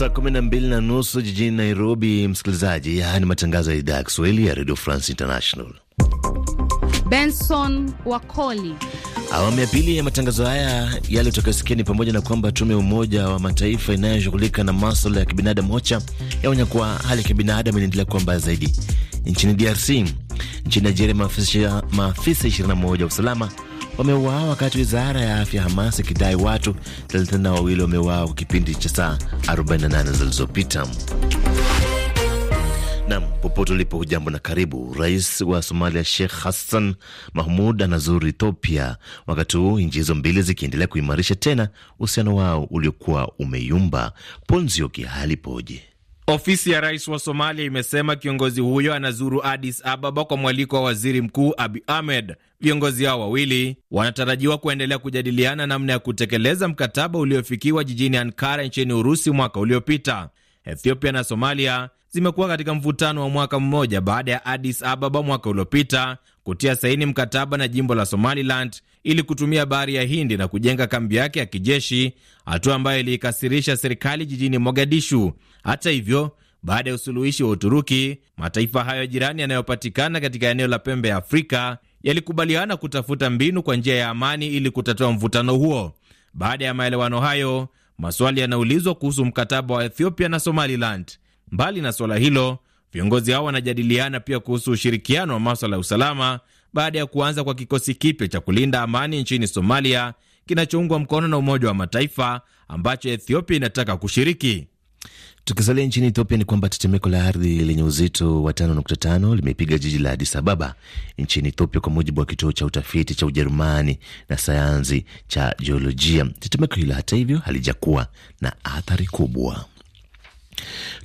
Saa kumi na mbili na nusu jijini Nairobi. Msikilizaji, haya ni matangazo ya idhaa ya Kiswahili ya Radio France International. Benson Wakoli. Awamu ya pili ya matangazo haya yale utakayosikia ni pamoja na kwamba tume ya Umoja wa Mataifa inayoshughulika na maswala ya kibinadamu OCHA yaonya kuwa hali ya kibinadamu inaendelea kuwa mbaya zaidi nchini DRC. Nchini Nigeria, maafisa 21 wa usalama wameuawa wakati wizara ya afya Hamas ikidai watu 32 wameuawa kwa kipindi cha saa 48 zilizopita. Nam, popote ulipo, hujambo na karibu. Rais wa Somalia Sheikh Hassan Mahmud anazuru Ethiopia wakati huu nchi hizo mbili zikiendelea kuimarisha tena uhusiano wao uliokuwa umeyumba. Ponzioki halipoje? poje? Ofisi ya rais wa Somalia imesema kiongozi huyo anazuru Addis Ababa kwa mwaliko wa waziri mkuu Abi Ahmed. Viongozi hao wawili wanatarajiwa kuendelea kujadiliana namna ya kutekeleza mkataba uliofikiwa jijini Ankara nchini Urusi mwaka uliopita. Ethiopia na Somalia zimekuwa katika mvutano wa mwaka mmoja baada ya Addis Ababa mwaka uliopita kutia saini mkataba na jimbo la Somaliland ili kutumia bahari ya Hindi na kujenga kambi yake ya kijeshi, hatua ambayo iliikasirisha serikali jijini Mogadishu. Hata hivyo, baada ya usuluhishi wa Uturuki, mataifa hayo jirani yanayopatikana katika eneo la pembe ya Afrika yalikubaliana kutafuta mbinu kwa njia ya amani ili kutatua mvutano huo. Baada ya maelewano hayo, maswali yanaulizwa kuhusu mkataba wa Ethiopia na Somaliland. Mbali na suala hilo Viongozi hao wanajadiliana pia kuhusu ushirikiano wa maswala ya usalama baada ya kuanza kwa kikosi kipya cha kulinda amani nchini Somalia kinachoungwa mkono na Umoja wa Mataifa ambacho Ethiopia inataka kushiriki. Tukisalia nchini Ethiopia ni kwamba tetemeko la ardhi lenye uzito wa 5.5 limepiga jiji la Addis Ababa nchini Ethiopia, kwa mujibu wa kituo cha utafiti cha Ujerumani na sayansi cha jiolojia. Tetemeko hilo hata hivyo halijakuwa na athari kubwa.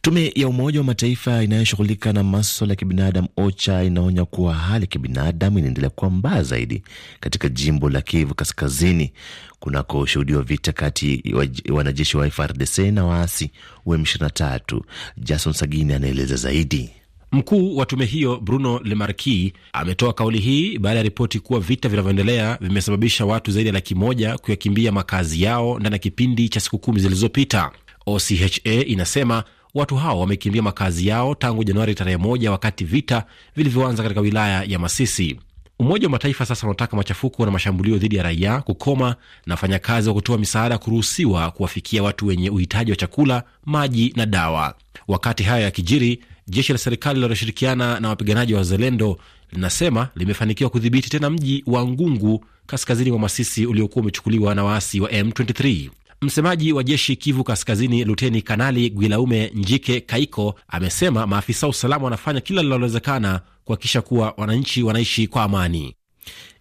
Tume ya Umoja wa Mataifa inayoshughulika na maswala ya kibinadamu OCHA inaonya kuwa hali ya kibinadamu inaendelea kuwa mbaya zaidi katika jimbo la Kivu Kaskazini kunakoshuhudiwa vita kati wanajeshi wa FRDC na waasi wa M23. Jason Sagini anaeleza zaidi. Mkuu wa tume hiyo Bruno marqui ametoa kauli hii baada ya ripoti kuwa vita vinavyoendelea vimesababisha watu zaidi ya laki moja kuyakimbia makazi yao ndani ya kipindi cha siku kumi zilizopita. OCHA inasema watu hao wamekimbia makazi yao tangu Januari tarehe moja wakati vita vilivyoanza katika wilaya ya Masisi. Umoja wa Mataifa sasa unataka machafuko na mashambulio dhidi ya raia kukoma na wafanyakazi wa kutoa misaada kuruhusiwa kuwafikia watu wenye uhitaji wa chakula, maji na dawa. Wakati hayo yakijiri, jeshi la serikali linaloshirikiana na wapiganaji wa Zelendo linasema limefanikiwa kudhibiti tena mji wa Ngungu kaskazini mwa Masisi uliokuwa umechukuliwa na waasi wa M23. Msemaji wa jeshi Kivu Kaskazini, Luteni Kanali Gwilaume Njike Kaiko, amesema maafisa wa usalama wanafanya kila linalowezekana kuhakikisha kuwa wananchi wanaishi kwa amani.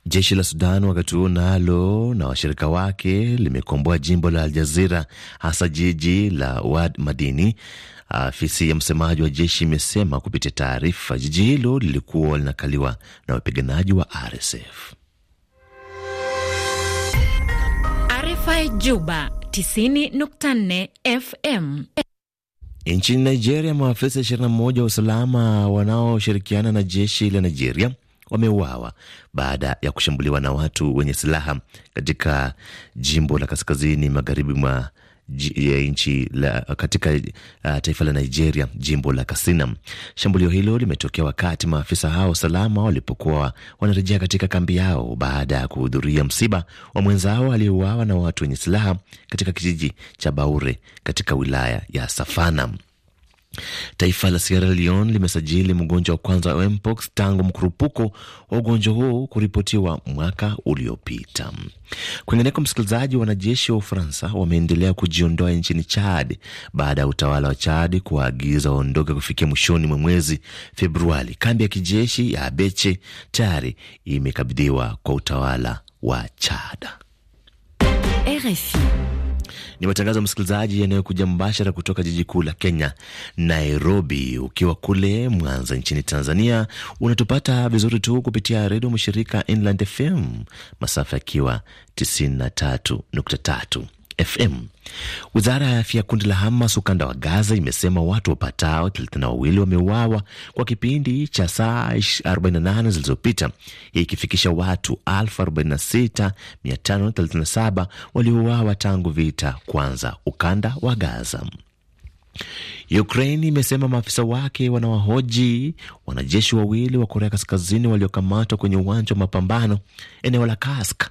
Jeshi la Sudan wakati huu nalo na washirika wake limekomboa jimbo la Aljazira, hasa jiji la Wad Madini. Afisi ya msemaji wa jeshi imesema kupitia taarifa, jiji hilo lilikuwa linakaliwa na wapiganaji wa RSF. RFI Juba 90.4 FM. Nchini Nigeria, maafisa 21 wa usalama wanaoshirikiana na jeshi la Nigeria wameuawa baada ya kushambuliwa na watu wenye silaha katika jimbo la kaskazini magharibi mwa ya nchi katika uh, taifa la Nigeria, jimbo la Katsina. Shambulio hilo limetokea wakati maafisa hao salama walipokuwa wanarejea katika kambi yao baada ya kuhudhuria msiba wa mwenzao aliyeuawa na watu wenye silaha katika kijiji cha Baure katika wilaya ya Safana. Taifa la Sierra Leone limesajili mgonjwa wa kwanza wa mpox tangu mkurupuko wa ugonjwa huo kuripotiwa mwaka uliopita. Kwingineko, msikilizaji, wanajeshi wa Ufaransa wameendelea kujiondoa nchini Chad baada ya utawala wa Chad kuwaagiza waondoke kufikia mwishoni mwa mwezi Februari. Kambi ya kijeshi ya Abeche tayari imekabidhiwa kwa utawala wa Chad. RFI ni matangazo ya msikilizaji yanayokuja mbashara kutoka jiji kuu la Kenya, Nairobi. Ukiwa kule Mwanza nchini Tanzania, unatupata vizuri tu kupitia redio mshirika Inland FM, masafa yakiwa 93.3. FM. Wizara ya afya ya kundi la Hamas ukanda wa Gaza imesema watu wapatao thelathini wawili wameuawa kwa kipindi cha saa 48 zilizopita, hii ikifikisha watu 46537 waliouawa tangu vita kwanza ukanda wa Gaza. Ukraine imesema maafisa wake wanawahoji wanajeshi wawili wa Korea Kaskazini waliokamatwa kwenye uwanja wa mapambano eneo la Kask.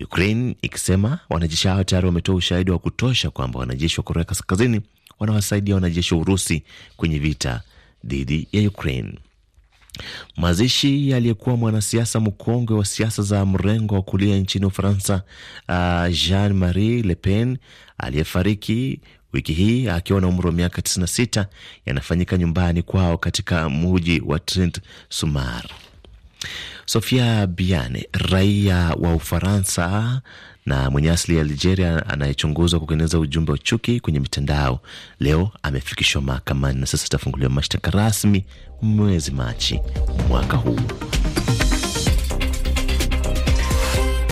Ukraine ikisema wanajeshi hao tayari wametoa ushahidi wa kutosha kwamba wanajeshi wa Korea Kaskazini wanawasaidia wanajeshi wa Urusi kwenye vita dhidi ya Ukraine. Mazishi aliyekuwa mwanasiasa mkongwe wa siasa za mrengo wa kulia nchini Ufaransa, uh, Jean Marie Le Pen aliyefariki wiki hii akiwa na umri wa miaka 96 yanafanyika nyumbani kwao katika muji wa Trent Sumar. Sofia Biane, raia wa Ufaransa na mwenye asili ya Algeria anayechunguzwa kukeneza ujumbe wa chuki kwenye mitandao, leo amefikishwa mahakamani na sasa atafunguliwa mashtaka rasmi mwezi Machi mwaka huu.